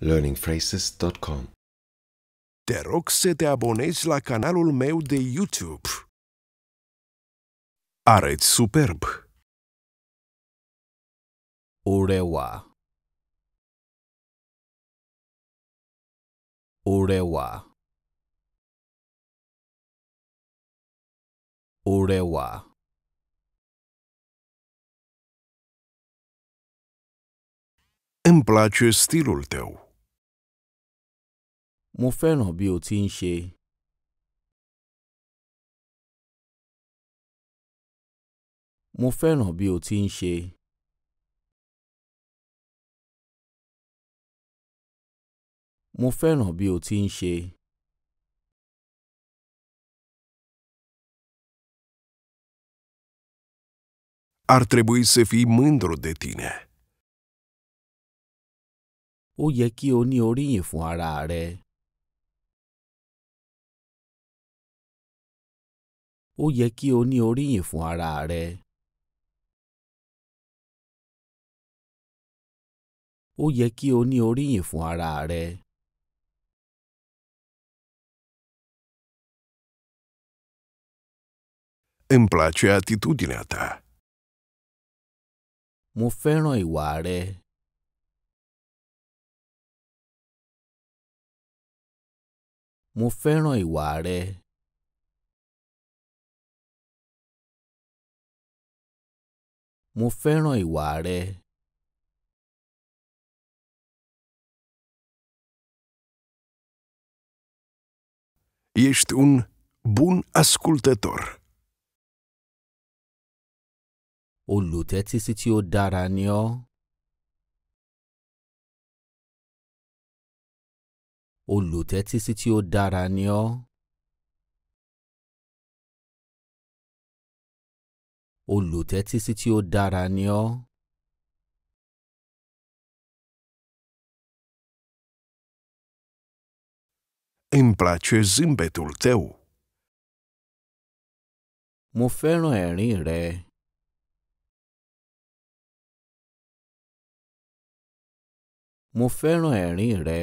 learningphrases.com Te rog să te abonezi la canalul meu de YouTube. Areți superb! Urewa Urewa Urewa Îmi place stilul tău. Mo fẹ́ràn bí o ti ń ṣe. Mo fẹ́ràn bí o ti ń ṣe. o ti ń ṣe. Ar trebui Ó yẹ kí o ní oríyìn fún ara rẹ. ó yẹ kí o ní oríyìn fún ara rẹ. ó yẹ kí o ní oríyìn fún ara rẹ. Îmi place atitudinea ta. Mo fẹ́ràn ìwà rẹ. Mo fẹ́ràn ìwà rẹ. Mo fẹ́ràn ìwà rẹ. Ești un bun ascultător. O luteți ó dára o ọ́. Olùtẹ́tísí tí ó dára ni ọ́. olùtẹ́tísí tí ó dára ni ọ́. Îmi place zâmbetul tău. Mo fẹ́ràn ẹ̀rín rẹ. Mo fẹ́ràn ẹ̀rín rẹ.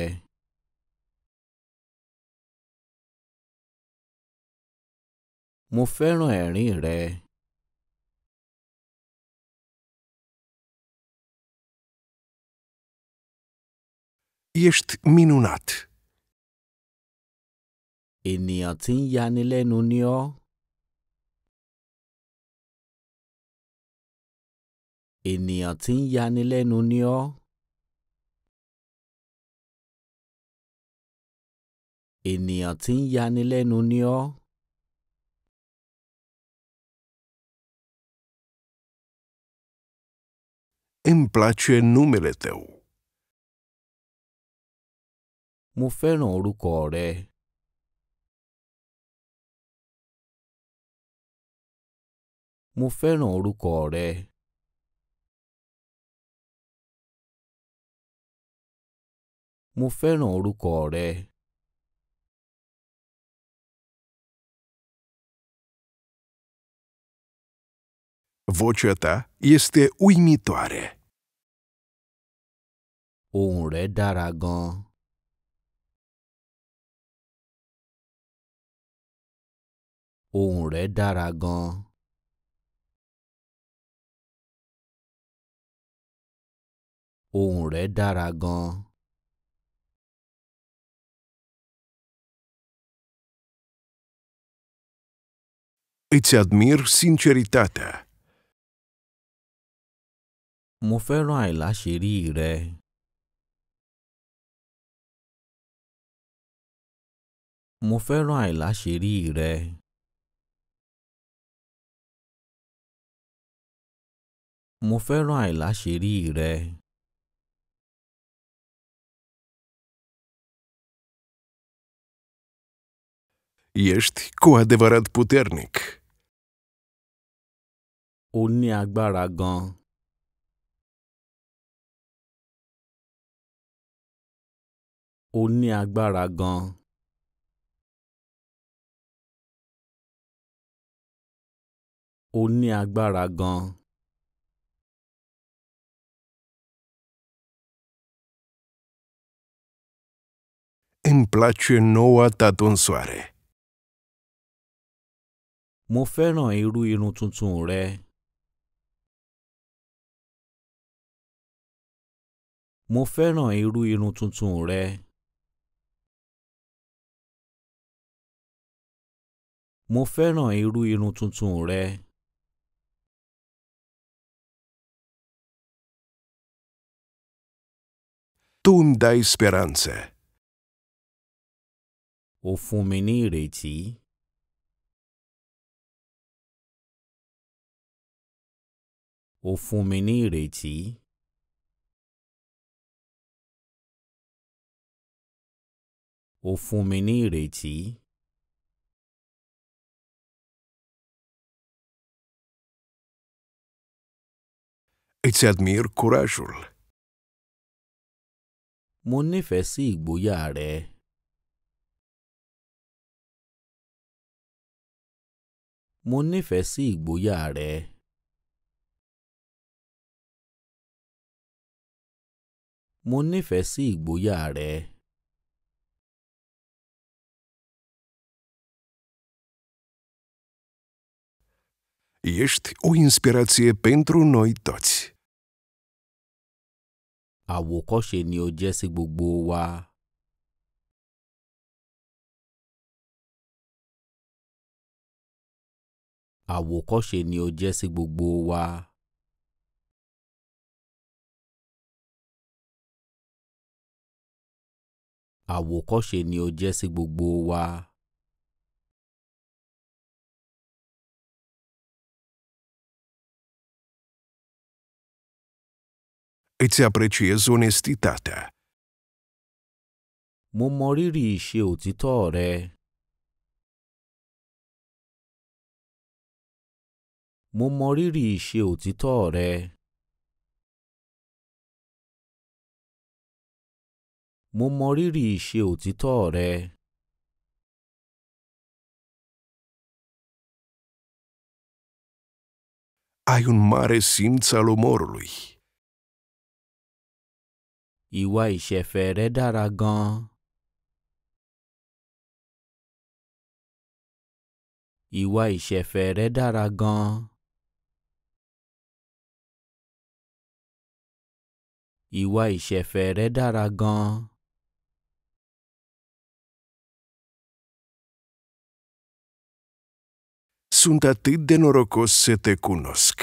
Mo fẹ́ràn ẹ̀rín rẹ. Ești minunat! Iniotin janile nunio. Iniotin janile nunio. Iniotin janile nunio. Îmi place numele tău. Mo fẹ́ràn orúkọ rẹ. Mo fẹ́ràn orúkọ rẹ. Mo fẹ́ràn orúkọ rẹ. Vocea ta este uimitoare. Ohùn rẹ dára gan-an. Ohùn rẹ̀ dára gan-an. Ohùn rẹ̀ dára gan-an. Îți admir sinceritatea. Mo fẹ́ràn àìláṣẹ́rí rẹ. Mo fẹ́ràn àìláṣẹ́rí rẹ. Mo fẹ́ràn àìláṣẹ́rí rẹ. Ești cu adevărat puternic. O ní agbára gan. O îmi place noua tatonsoare. Mo fẹ́ràn irú irun tuntun rẹ. Mo fẹ́ràn irú irun tuntun rẹ. Mo fẹ́ràn irú irun tuntun rẹ. Tu îmi dai speranțe ó fún mi ní ìrètí. ó fún mi ní ìrètí. ó fún mi ní ìrètí. Îți admir curajul. Mo nífẹ̀ẹ́ sí ìgboyà rẹ. mo nífẹ̀ẹ́ sí ìgboyà rẹ. mo nífẹ̀ẹ́ sí ìgboyà rẹ. Ești o inspirație pentru noi toți. Àwòkọ́ṣe ni o jẹ́ sí gbogbo wa. àwòkọ́ṣe ni o jẹ́ sí gbogbo wa. àwòkọ́ṣe ni o jẹ́ sí gbogbo wa. Îți apreciez onestitatea. Mo mọ rírì ìṣe òtítọ́ rẹ. mo mọrírì ìṣe òtítọ́ rẹ mo mọrírì ìṣe òtítọ́ rẹ Ai un mare simț al umorului. Ìwà ìṣẹ̀fẹ̀ rẹ dára gan-an. Ìwà ìṣẹ̀fẹ̀ rẹ dára gan Ìwà ìṣẹ̀fẹ̀ rẹ̀ dára gan-an. Sunt atât de norocos să te cunosc.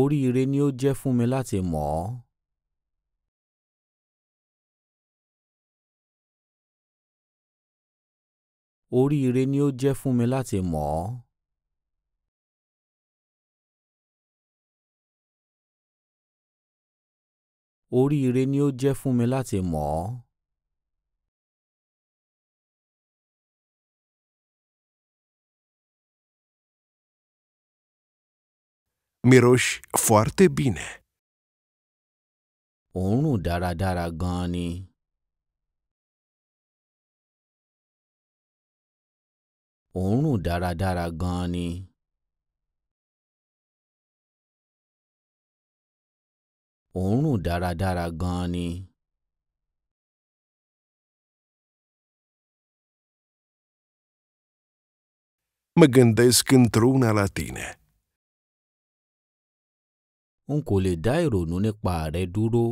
Oríire ni ó jẹ́ fún mi láti mọ̀ ọ́. ni ó jẹ́ fún mi láti mọ̀ oríire ni ó jẹ́ fún mi láti mọ̀ ọ́. Miroși foarte bine. Òórùn dáradára gan-an ni. Òórùn dáradára gan ni. òórùn dáradára gan-an ni Mă gândesc într-una la tine. N kò lè dá ìrònú nípa rẹ dúró.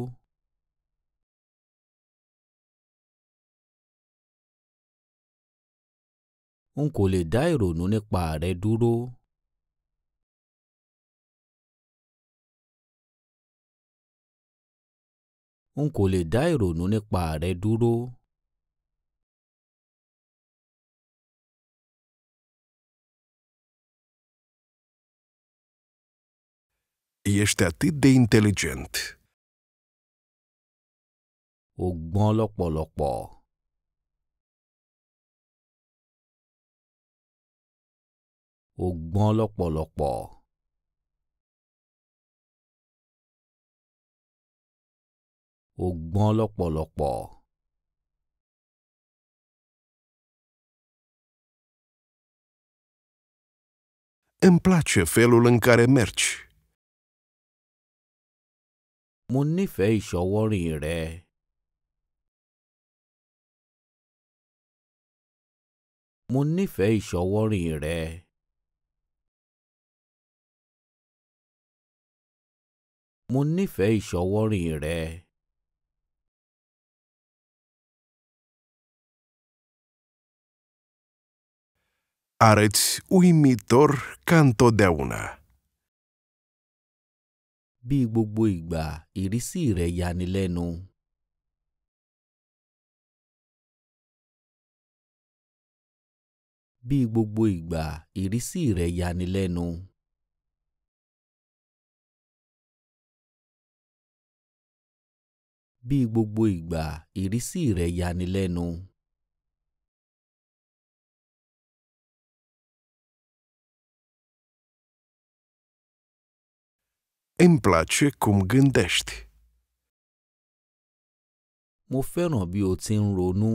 N kò lè dá ìrònú nípa rẹ dúró. n kò lè dá ìrònú nípa rẹ dúró. Ești atât de inteligent. O gbọ́n lọ́pọ̀lọpọ̀. O gbọ́n lọ́pọ̀lọpọ̀. ó gbọ́n lọ́pọ̀lọpọ̀. Îmi place felul în care mergi. Mo nífẹ̀ẹ́ ìṣọwọ́rìn rẹ. Mo nífẹ̀ẹ́ ìṣọwọ́rìn rẹ. Mo Arăți uimitor ca întotdeauna. Bí gbogbo ìgbà ìrísí rẹ̀ yanilẹ́nu. Bí gbogbo ìgbà ìrísí rẹ̀ yanilẹ́nu. Bí gbogbo ìgbà ìrísí rẹ̀ yanilẹ́nu. Îmi place cum gândești. Mă fẹ́ràn bí o ti ń ronú.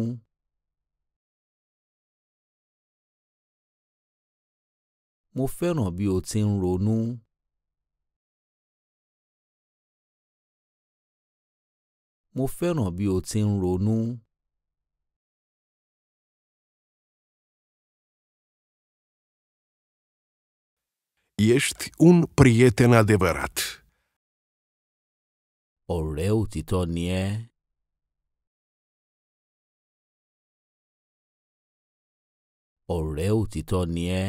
Mo fẹ́ràn bí o ti Ești un prieten adevărat. O òtítọ́ ni ẹ́. Ọ̀rẹ́ titonie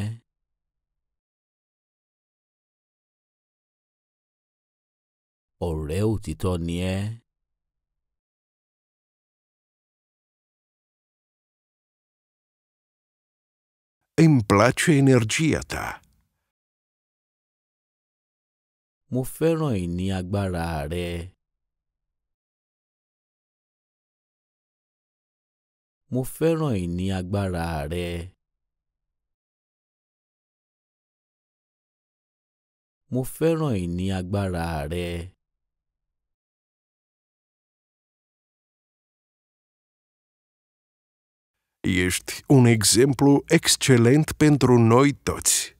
Îmi place energia ta. Mo fẹ́ràn ìní agbára rẹ. Mo fẹ́ràn ìní agbára rẹ. Mo fẹ́ràn ìní agbára rẹ. Ești un exemplu excelent pentru noi toți.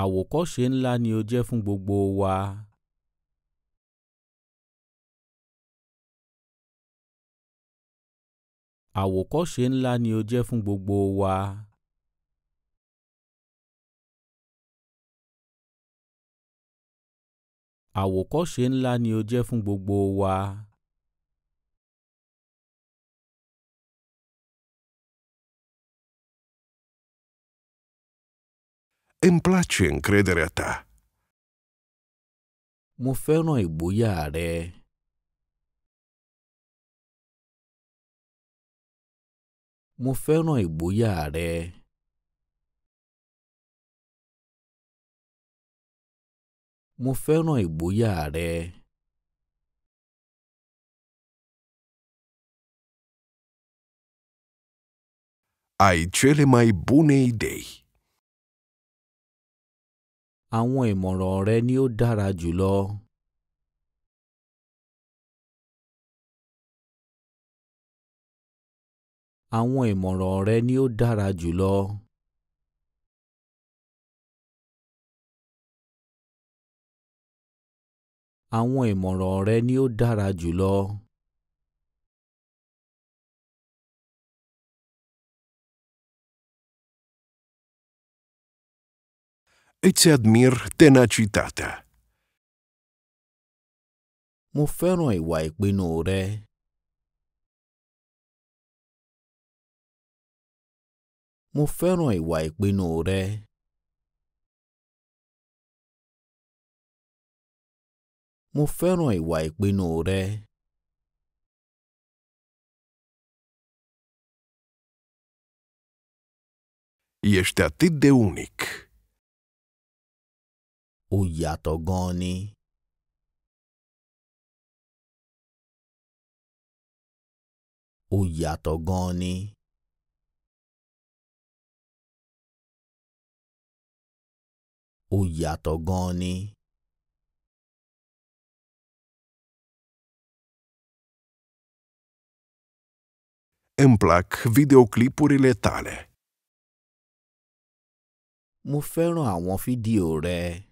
Àwòkọ́ṣe ńlá ni o jẹ́ fún gbogbo wa. Àwòkọ́ṣe ńlá ni o jẹ́ fún gbogbo wa. Àwòkọ́ṣe ńlá ni o jẹ́ fún gbogbo wa. Îmi place încrederea ta. Mufeno e buiare. Mufeno e buiare. Mufeno e buiare. Ai cele mai bune idei. àwọn ìmọ̀ràn rẹ ni ó dára jùlọ. Àwọn ìmọ̀ràn rẹ ni ó dára jùlọ. Àwọn ìmọ̀ràn rẹ ni ó dára jùlọ. Îți admir tenacitatea. Mo fẹ́ràn ìwà ìpinnu rẹ. Mo fẹ́ràn ìwà ìpinnu rẹ. Mo fẹ́ràn ìwà ìpinnu rẹ. Ești atât de unic. ó yàtọ̀ gan-an ni. ó yàtọ̀ gan-an ni. ó yàtọ̀ gan-an ni. Emplak videoclipurile tale. Mo fẹ́ràn àwọn fídíò rẹ.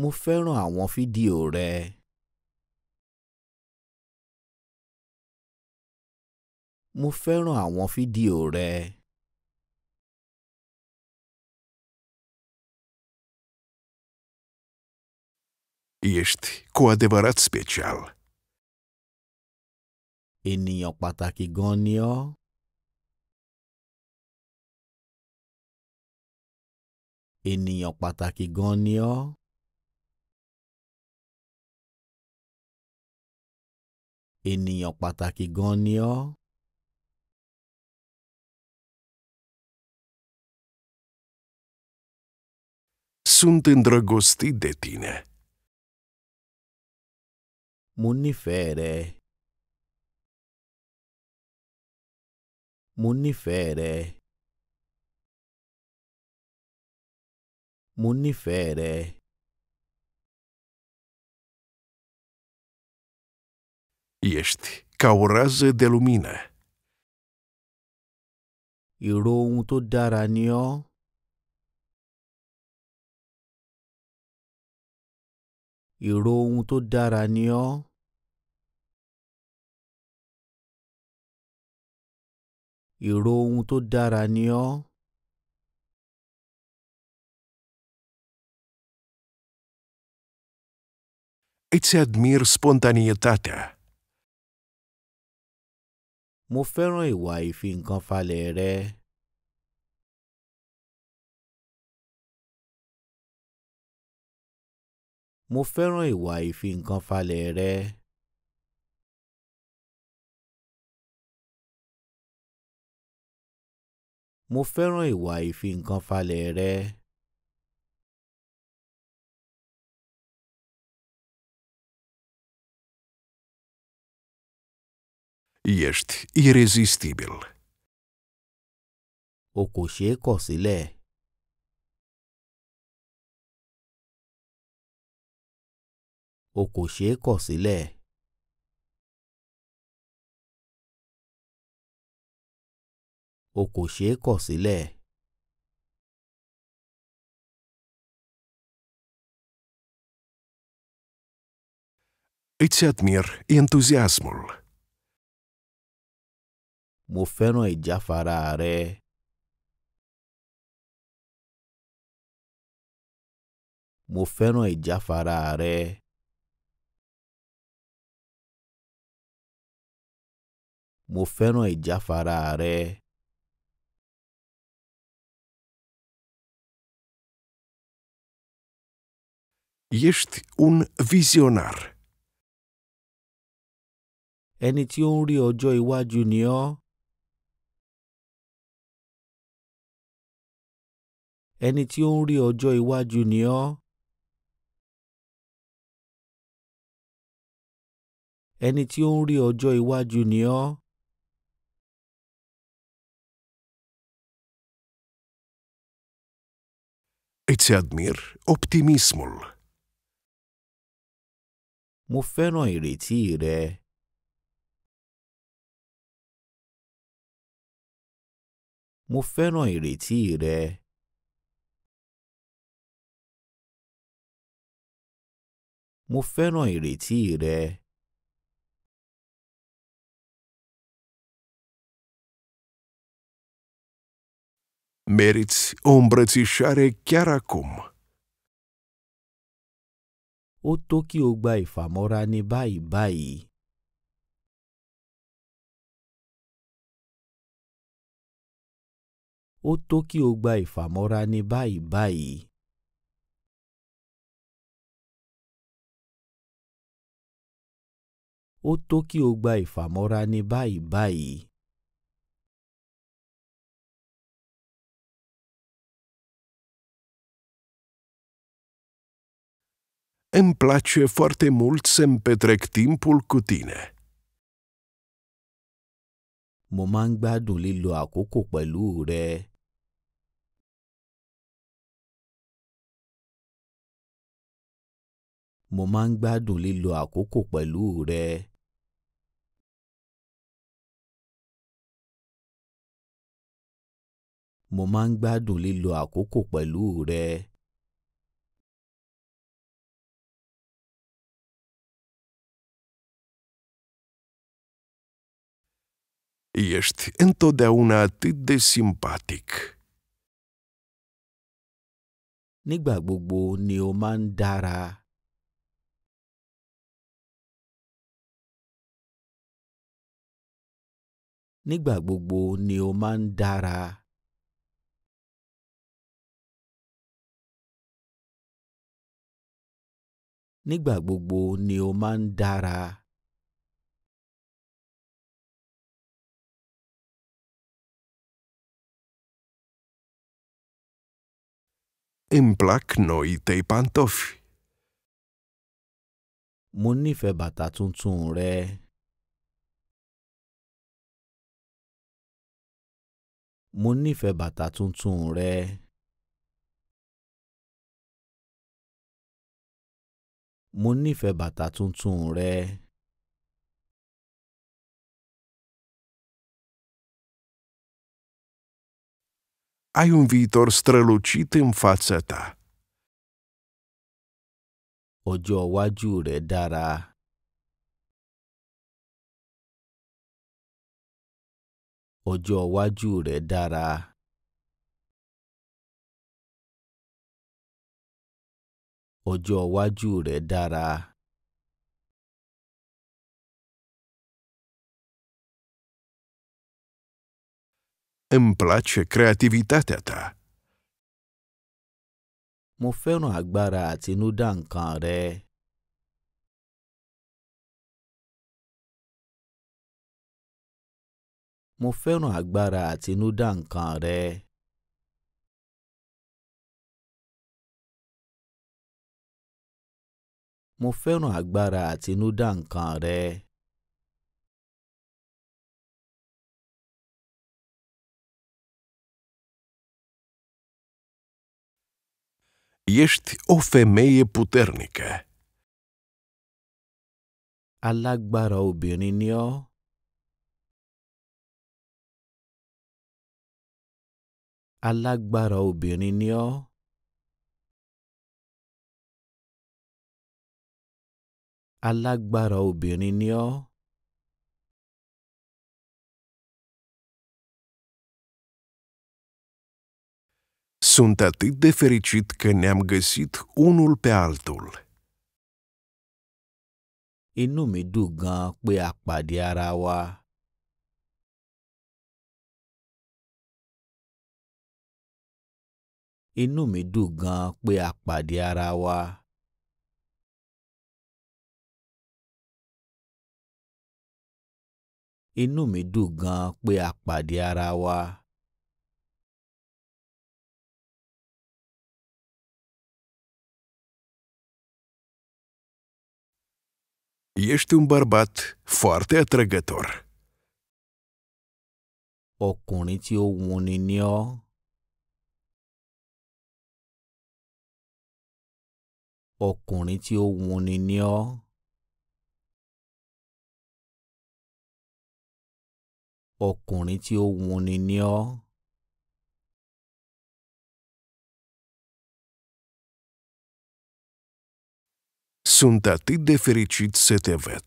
Mo fẹ́ràn àwọn fídíò rẹ. Mo fẹ́ràn àwọn fídíò rẹ. Ești cu adevărat special. Ènìyàn pàtàkì gan ni ọ́. Ènìyàn pàtàkì gan ni ọ́. ènìyàn pàtàkì gan ni ọ́. Sunt îndrăgostit de Mo nífẹ̀ẹ́ rẹ. Mo nífẹ̀ẹ́ rẹ. Mo nífẹ̀ẹ́ rẹ. Ești ca o rază de lumină. Ìró ohun tó dára ni daranio Ìró ohun tó Îți admir spontanietatea. Mo fẹ́ràn ìwà ìfi-nǹkan-falẹ̀ rẹ. Mo fẹ́ràn ìwà ìfi-nǹkan-falẹ̀ rẹ. Mo fẹ́ràn ìwà ìfi-nǹkan-falẹ̀ rẹ. Ești irezistibil. O cușie cosile O cușie cosile O cușie cosile Îți admir entuziasmul. Mo fẹ́ràn ìjáfara rẹ. Mo fẹ́ràn ìjáfara rẹ. Mo fẹ́ràn ìjáfara rẹ. Jyst un visionar. Ẹni tí ó ń rí ọjọ́ iwájú ni ọ́. ẹni tí ó ń rí ọjọ́ iwájú ni ọ́. ẹni tí ó ń rí ọjọ́ iwájú ni ọ́. Îți admir optimismul. Mo fẹ́ràn ìrètí rẹ. Mo fẹ́ràn ìrètí rẹ. mo fẹ́ràn ìrètí rẹ. Meriți o îmbrățișare chiar acum. Ó tó kí o gba ìfàmọ́ra ní báyìí báyìí. Ó tó kí o gba ìfàmọ́ra ní báyìí báyìí. ó tó kí o gba ìfàmọ́ra ní báyìí báyìí. Îmi place foarte mult să-mi petrec timpul cu tine. Mo máa ń gbádùn lílo àkókò pẹ̀lú rẹ. Mo máa ń gbádùn lílo àkókò pẹ̀lú rẹ. mo máa ń gbádùn lílo àkókò pẹ̀lú rẹ. Ești întotdeauna atât de simpatic. Nígbà gbogbo ni o máa ń dára. gbogbo ni o máa ń nígbà gbogbo ni ó máa ń dára. Îmi plac noi Mo nífẹ̀ẹ́ bàtà tuntun rẹ. Mo nífẹ̀ẹ́ bàtà tuntun rẹ. Mo nífẹ̀ẹ́ bàtà tuntun rẹ. Ai un viitor strălucit în fața ta. Ọjọ́ iwájú rẹ dára. Ọjọ́ iwájú rẹ dára. ọjọ́ iwájú rẹ̀ dára. Îmi place creativitatea ta. Mo fẹ́ràn agbára àtinúdá nǹkan rẹ. Mo fẹ́ràn agbára àtinúdá nǹkan rẹ. Mo fẹ́ràn agbára àtinúdá nǹkan rẹ. Ești o femeie puternică. Alágbára obìnrin ni ọ́. Alágbára obìnrin ni ọ́. Alágbára obìnrin ni ọ́. Sunt atât de fericit că ne-am găsit unul pe altul. Inu mi dùn gan pé a pàdé ara wa. mi dùn gan pé a Inú mi dùn gan-an pé a pàdé ara wa. Ești un bărbat foarte atrăgător. Ọkùnrin tí ó wuni ni ọ́. Ọkùnrin tí ọkùnrin tí ó wuni ni ọ́. Sunt atât de fericit să te văd.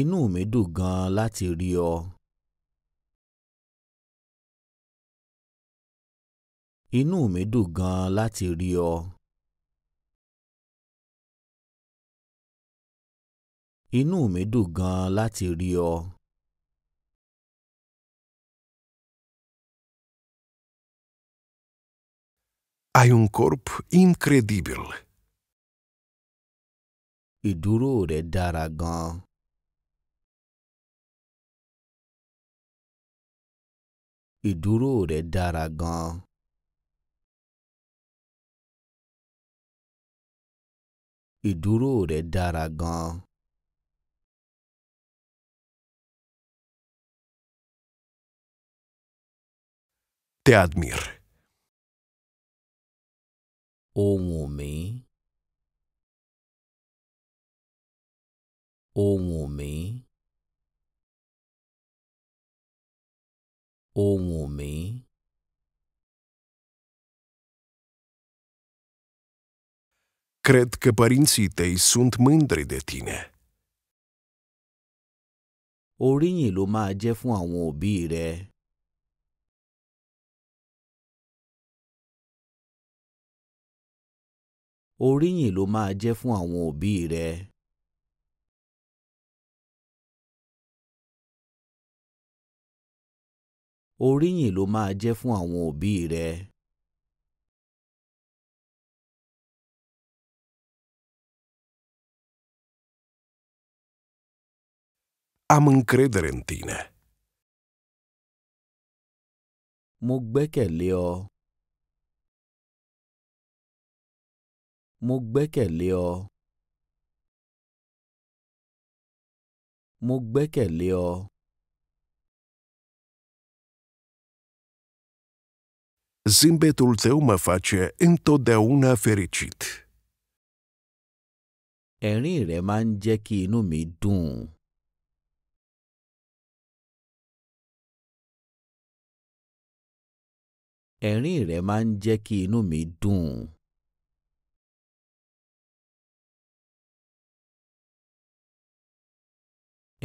Inú mi dùn gan-an láti mi dùn gan-an inú mi dùn gan-an láti rí ọ. Ai un corp incredibil. Ìdúró rẹ̀ dára gan-an. Ìdúró rẹ̀ dára gan Te admir. Ohùn mi. Ohùn mi. mi. Cred că părinții tăi sunt mândri de tine. Oríyìn lumea máa jẹ́ fún oríyìn ló máa jẹ́ fún àwọn òbí rẹ. oríyìn ló máa jẹ́ fún àwọn òbí rẹ. Am încredere în tine. Mo gbẹ́kẹ̀lé ọ. mo gbẹ́kẹ̀lé ọ. mo gbẹ́kẹ̀lé ọ. zimbetul tău mă face întotdeauna fericit. Erin rẹ máa nu mi dun. Erin rẹ máa nu mi dun.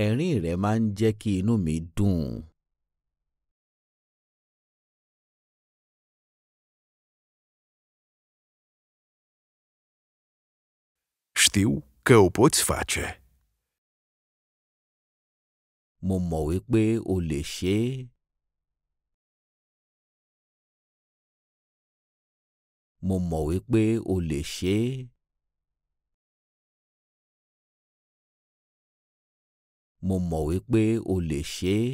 ẹ̀rín rẹ̀ máa ń jẹ́ kí inú mi dùn. Știu că o poți face. Mo mọ̀ wípé o lè ṣe é. Mo mọ̀ o lè ṣe mo mọ̀ wípé o lè ṣe é.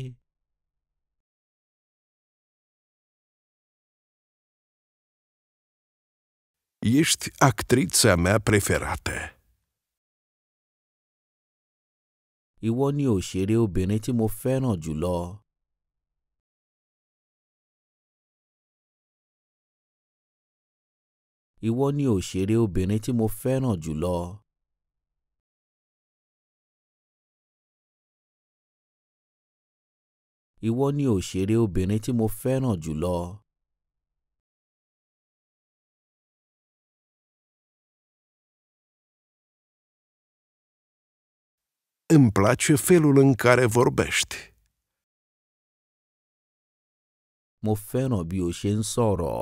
Ești actrița mea preferată. Ìwọ ni òṣèré obìnrin tí mo fẹ́ràn jùlọ. Ìwọ ni òṣèré obìnrin tí mo fẹ́ràn jùlọ. Ìwọ ni òṣèré obìnrin tí mo fẹ́ràn jùlọ. Îmi place felul în care vorbești. Mă fẹ́ràn bí o ṣe ń sọ̀rọ̀.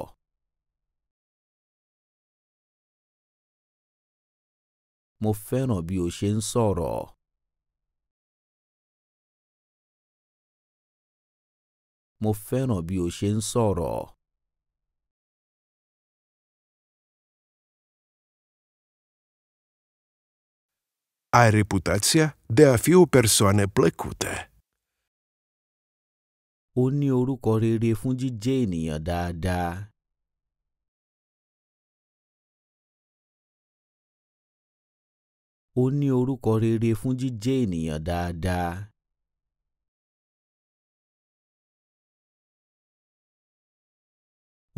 Mo fẹ́ràn bí mo fẹ́ràn bí o ṣe ń sọ̀rọ̀. Ai reputația de a fi o persoană plăcută. Ó ní orúkọ rere fún da. ènìyàn dáadáa. O ní orúkọ rere fún jíjẹ́ ènìyàn dáadáa.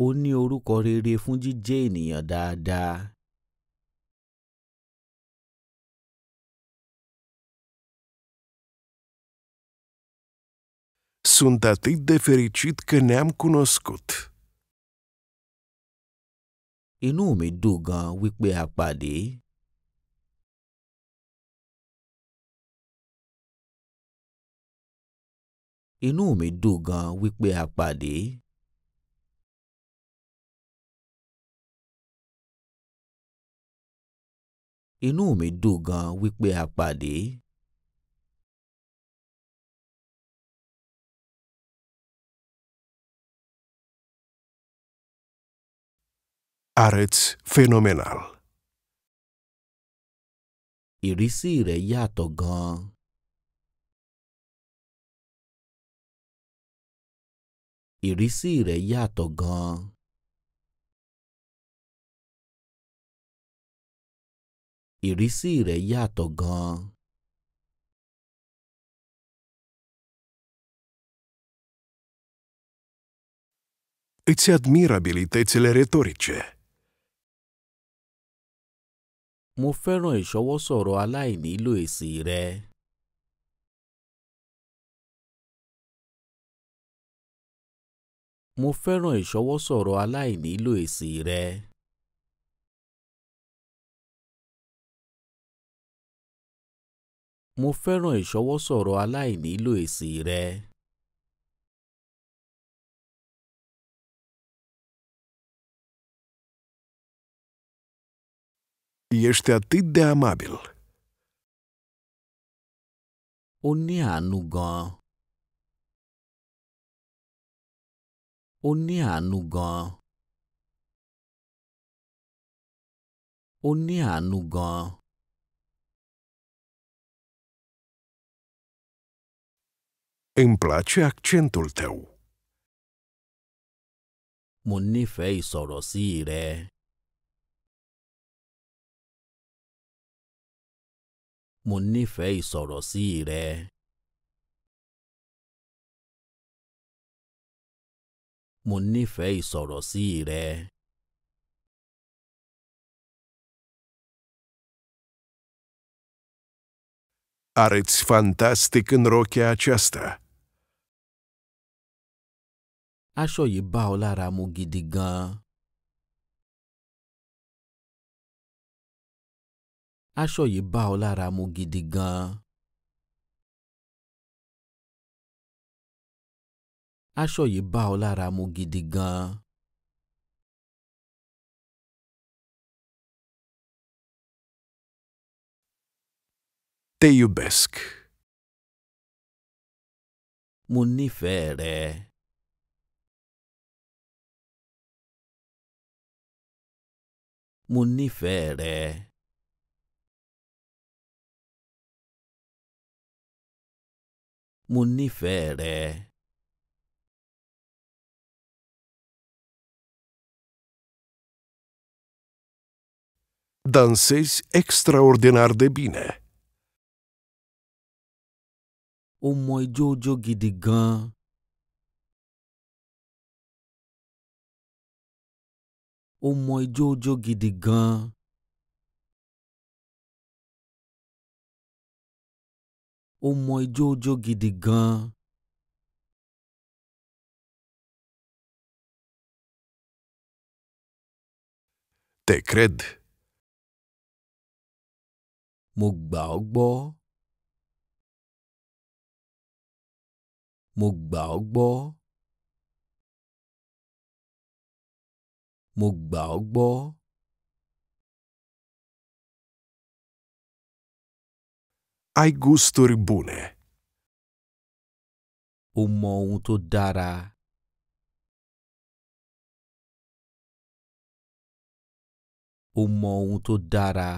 Ó ní orúkọ rere fún jíjẹ́ ènìyàn dáadáa. Sunt atât de fericit că ne-am cunoscut. Inú mi dùn gan wípé a pàdé. Inú mi dùn gan wípé inú mi dùn gan wípé a pàdé. Arăți fenomenal. Ìrísí rẹ̀ yàtọ̀ gan-an. Ìrísí rẹ̀ yàtọ̀ gan-an. ìrísí rẹ̀ yàtọ̀ gan-an. Îți admir abilitățile retorice. Mo fẹ́ràn ìṣọwọ́sọ̀rọ̀ aláìnílò èsì rẹ. Mo fẹ́ràn ìṣọwọ́sọ̀rọ̀ aláìnílò èsì rẹ. Mo fẹ́ràn ìṣọwọ́sọ̀rọ̀ aláìnílò èsì rẹ. Ești atât de amabil. Ó ní àánú gan. Ó ní àánú gan. Ó ní àánú Îmi place accentul tău. Munifei sorosire. Munifei sorosire. Munifei sorosire, Areți fantastic în rochea aceasta. aṣọ yìí bá ọ lára mu gidi gan-an. aṣọ yìí bá ọ lára mu gidi gan aṣọ yìí bá ọ lára mu gidi gan-an. Mo nífẹ̀ẹ́ rẹ. mo nífẹ̀ẹ́ rẹ. mo nífẹ̀ẹ́ rẹ. Dansezi extraordinar de bine. O mai jojo gidi gan ó mọ ijó jó gidi gan-an. ó mọ ijó jó gidi gan-an. Te cred. Mo gbà ọ́ gbọ́. Mo gbà ọ́ gbọ́. mo gbà ọ́ gbọ́. Ai gusturi O mọ ohun tó dára. O mọ ohun tó dára.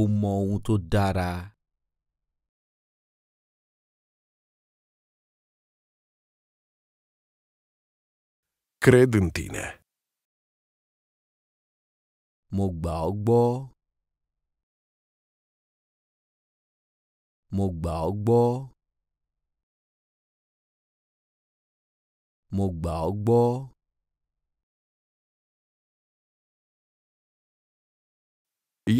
O mọ ohun tó dára. Cred în tine. Mogba ogbo. Mogba ogbo. Mogba ogbo.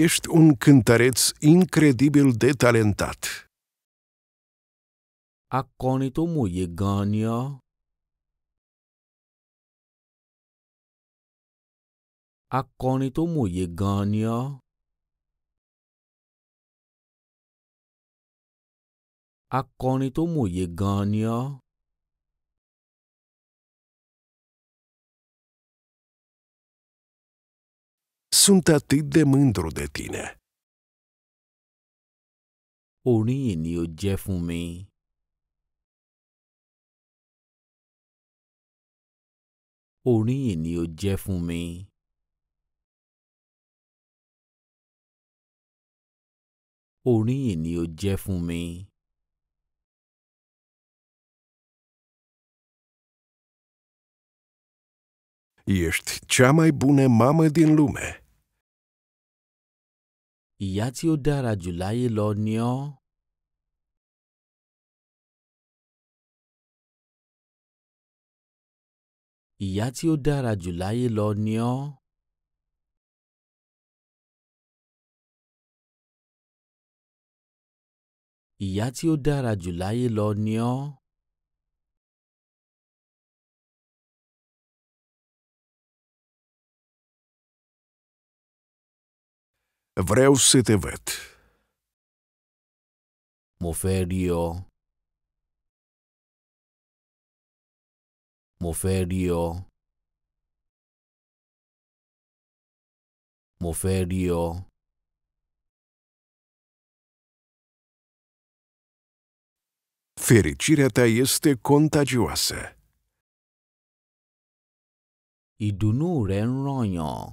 Ești un cântăreț incredibil de talentat. Aconitul mu e ganio. akọrin tó mòye gan-an ni ọ́. akọrin tó mòye gan ni ọ́. Sunt atât de mândru de tine. Oríyìn ni o jẹ́ fun mi. Oríyìn ni o jẹ́ fun mi. oríyìn ni o jẹ́ fún mi. Ești cea mai bună mamă din lume. Iați o ó dára julaie láyé nio. ni ọ́. Ìyá tí julaie dára nio. Ìyá tí ó dára jù láyé lọ ni ọ́. Vreau să te văd. Mo fẹ́ rí ọ. Mo fẹ́ rí ọ. Mo fericirea ta este contagioasă. Ìdùnnú rẹ̀ ń rànyàn.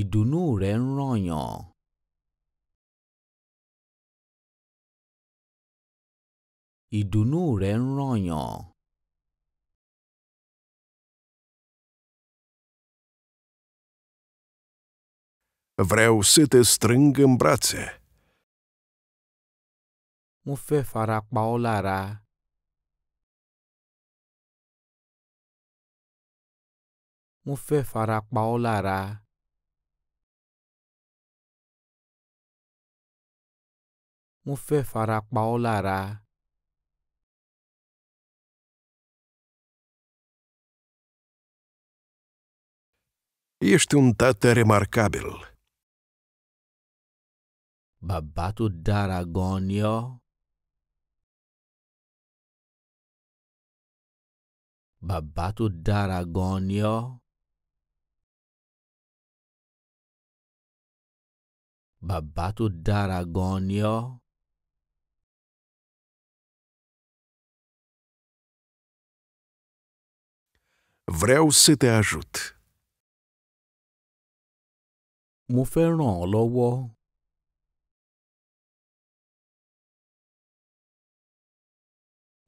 Ìdùnnú rẹ̀ ń rànyàn. Ìdùnnú Vreau să te strâng în brațe. Mufe fẹ́ fara pa ọ́ lára. Mo fẹ́ fara pa ọ́ fara pa Ești un tată remarcabil. bàbá tó dára gan-an ni ọ́. bàbá tó dára gan ni bàbá tó dára gan ni te ajut. Mo fẹ́ ràn ọ́ lọ́wọ́.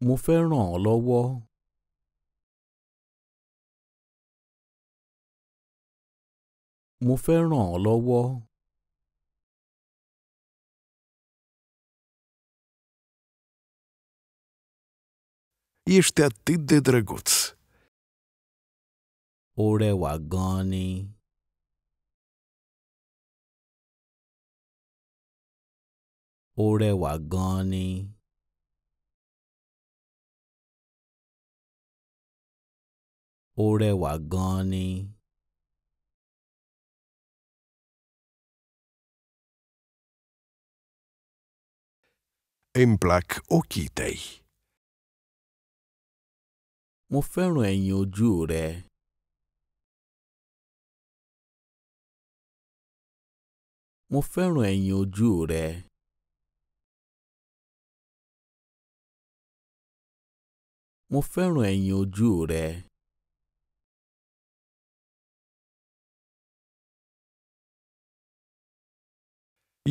Mo fẹ́ ràn ọ́ lọ́wọ́. Mo fẹ́ ràn ọ́ lọ́wọ́. Ești atât de drăguț. O rẹwà gan ni. O rẹwà gan Ó rẹwà gan-an ni. Îmi plac Mo fẹ́ràn ẹ̀yin ojú rẹ. Mo fẹ́ràn ojú ojú rẹ.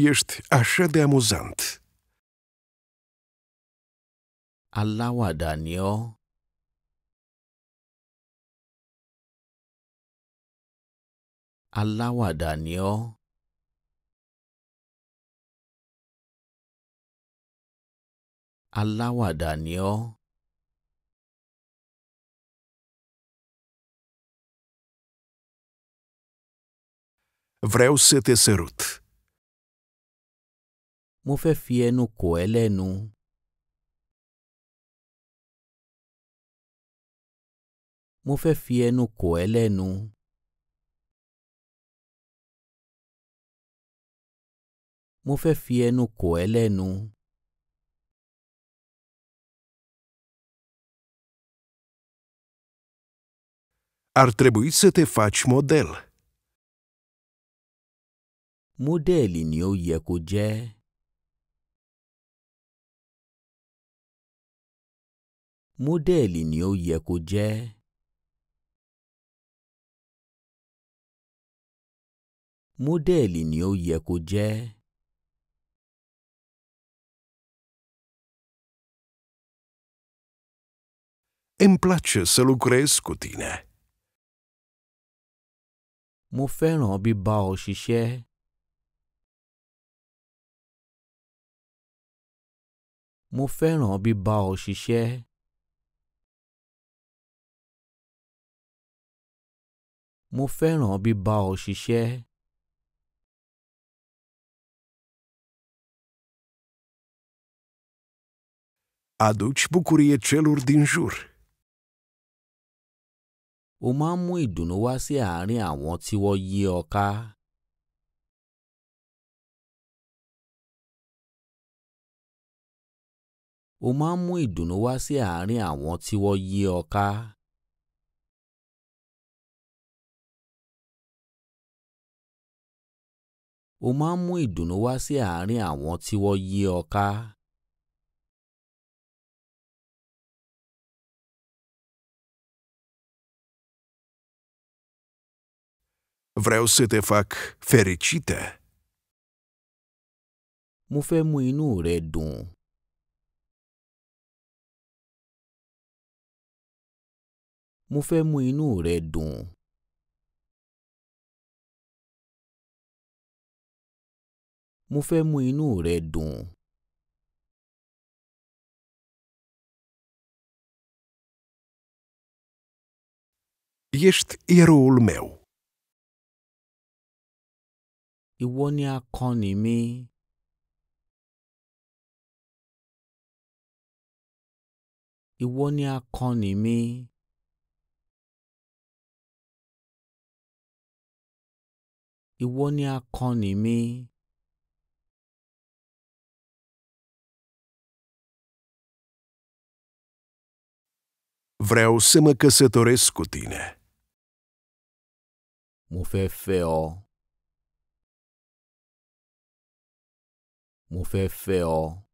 Ești așa de amuzant. Aláwàdà ni ọ́. Aláwàdà ni ọ́. Vreau să te sărut. mo fẹ́ fi ẹnu kò ẹ́ lẹ́nu. mo fẹ́ fi ẹnu kò ẹ́ lẹ́nu. mo fẹ́ fi ẹnu kò ẹ́ lẹ́nu. Ar trebui să te faci model. Modelii ni o mọ́dẹ́ẹ̀lì ni ó yẹ kó jẹ́. mọ́dẹ́ẹ̀lì ni ó yẹ kó jẹ́. Îmi place să lucrez tine. Mo fẹ́ràn bíbá ọ ṣiṣẹ́. Mo fẹ́ràn bíbá ọ ṣiṣẹ́. Mo fẹ́ràn bíbá ọ ṣiṣẹ́. Aduci bucurie celor din jur. O máa ń mú ìdùnnú wá sí àárín àwọn tí wọ́n yí O máa ń mú ìdùnnú wá sí àárín àwọn tí wọ́n yí o máa ń mú ìdùnnú wá sí àárín àwọn tí wọ́n yí ọ ká. Vreau să te fac fericită. Mo fẹ́ mú inú rẹ dùn. Mo fẹ́ mú inú rẹ dùn. mo fẹ́ mú inú rẹ dùn. Este era o meu. Ìwọ ni akọni mi. Ìwọ ni akọni mi. Ìwọ ni mi. vreau să mă căsătoresc cu tine. Mufefeo Mufefeo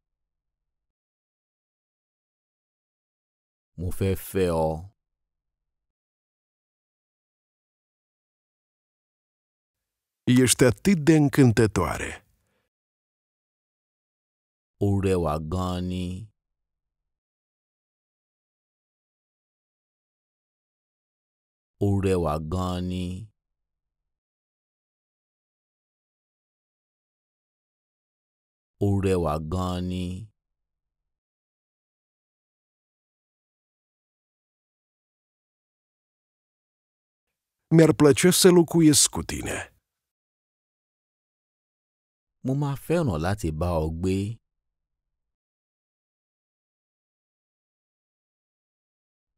Mufefeo Ești atât de încântătoare. Urewa gani. Ó rẹwà gan-an ni. Ó rẹwà gan-an ni. Mi-ar plăcea să locuiesc cu tine. Mo máa fẹ́ràn láti bá ọ gbé.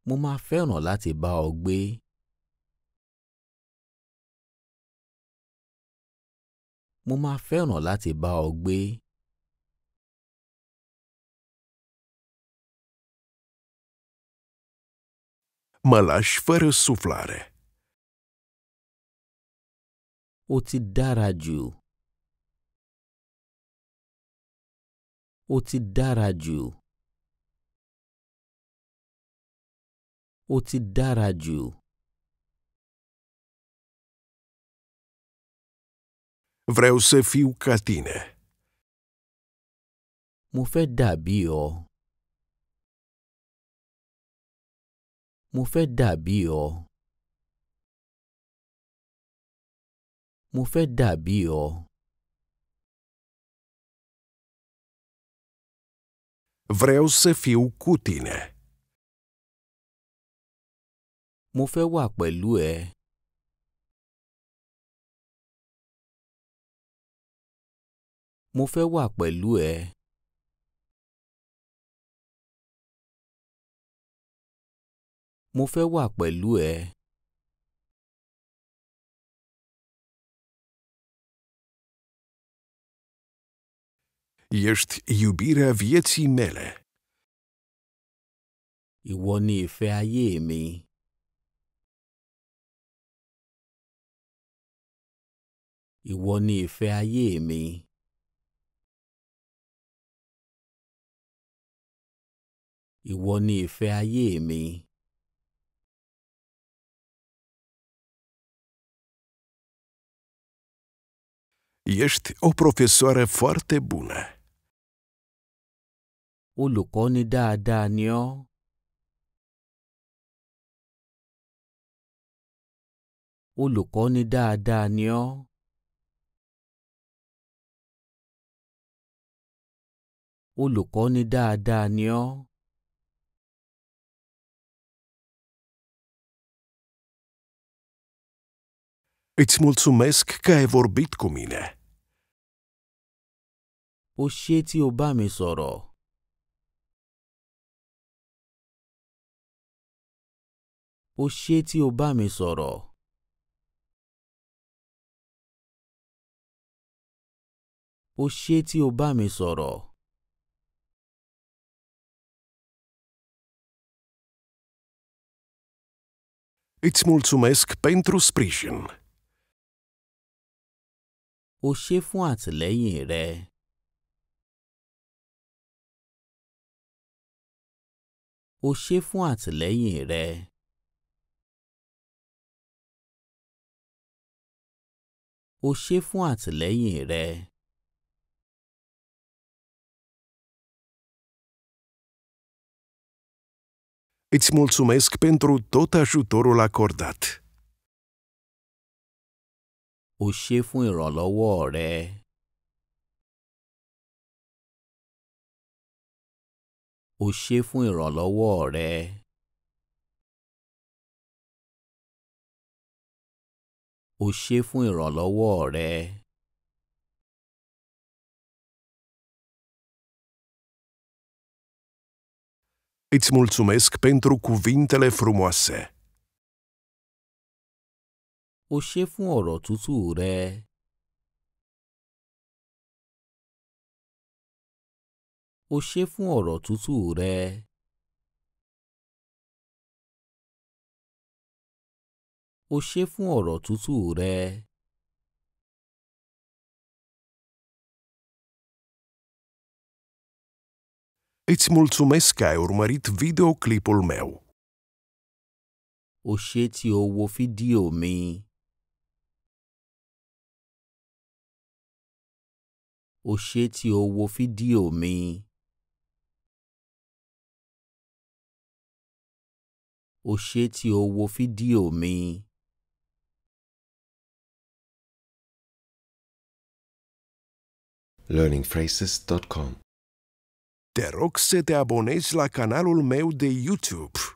Mo máa fẹ́ràn láti bá ọ gbé. mo máa fẹ́ràn láti bá ọ gbé. Mă lași fără suflare. O ti dára jù. O ti dára jù. O ti dára jù. vreau să fiu ca tine. Mo da bio. ọ. da bio. dàbí da bio. Vreau să fiu cu tine. Mo fẹ́ wà mo fẹ́ wà pẹ̀lú ẹ. mo fẹ́ wà pẹ̀lú ẹ. Ești iubirea vieții mele. Ìwọ ni ìfẹ́ ayé mi. Ìwọ ni ìfẹ́ ayé mi. Ìwọ ni ìfẹ́ ayé mi. Ești o profesoară foarte bună. Olùkọ́ni dáadáa ni ọ́. Olùkọ́ni dáadáa ni ọ́. Olùkọ́ni dáadáa ni ọ́. Îți mulțumesc că ai vorbit cu mine. Ó ṣé soro. o bá soro. sọ̀rọ̀. Ó soro. o o Îți mulțumesc pentru sprijin o ṣé fún àtìlẹ́yìn rẹ. o ṣé fún àtìlẹ́yìn rẹ. o ṣé fún àtìlẹ́yìn rẹ. Îți mulțumesc pentru tot ajutorul acordat o ṣé fún ìrànlọ́wọ́ rẹ. o ṣé fún ìrànlọ́wọ́ rẹ. o ṣé fún ìrànlọ́wọ́ rẹ. Îți mulțumesc pentru cuvintele frumoase. o ṣé fún ọ̀rọ̀ tútù rẹ. o ṣé fún ọ̀rọ̀ tútù rẹ. o ṣé fún ọ̀rọ̀ tútù rẹ. Îți mulțumesc că ai urmărit videoclipul meu. O ṣé tí o wo mi. o ṣé tí o wo fídíò mi. o ṣé tí o wo fídíò mi. learningphrases.com Te rog să te abonezi la canalul meu de YouTube.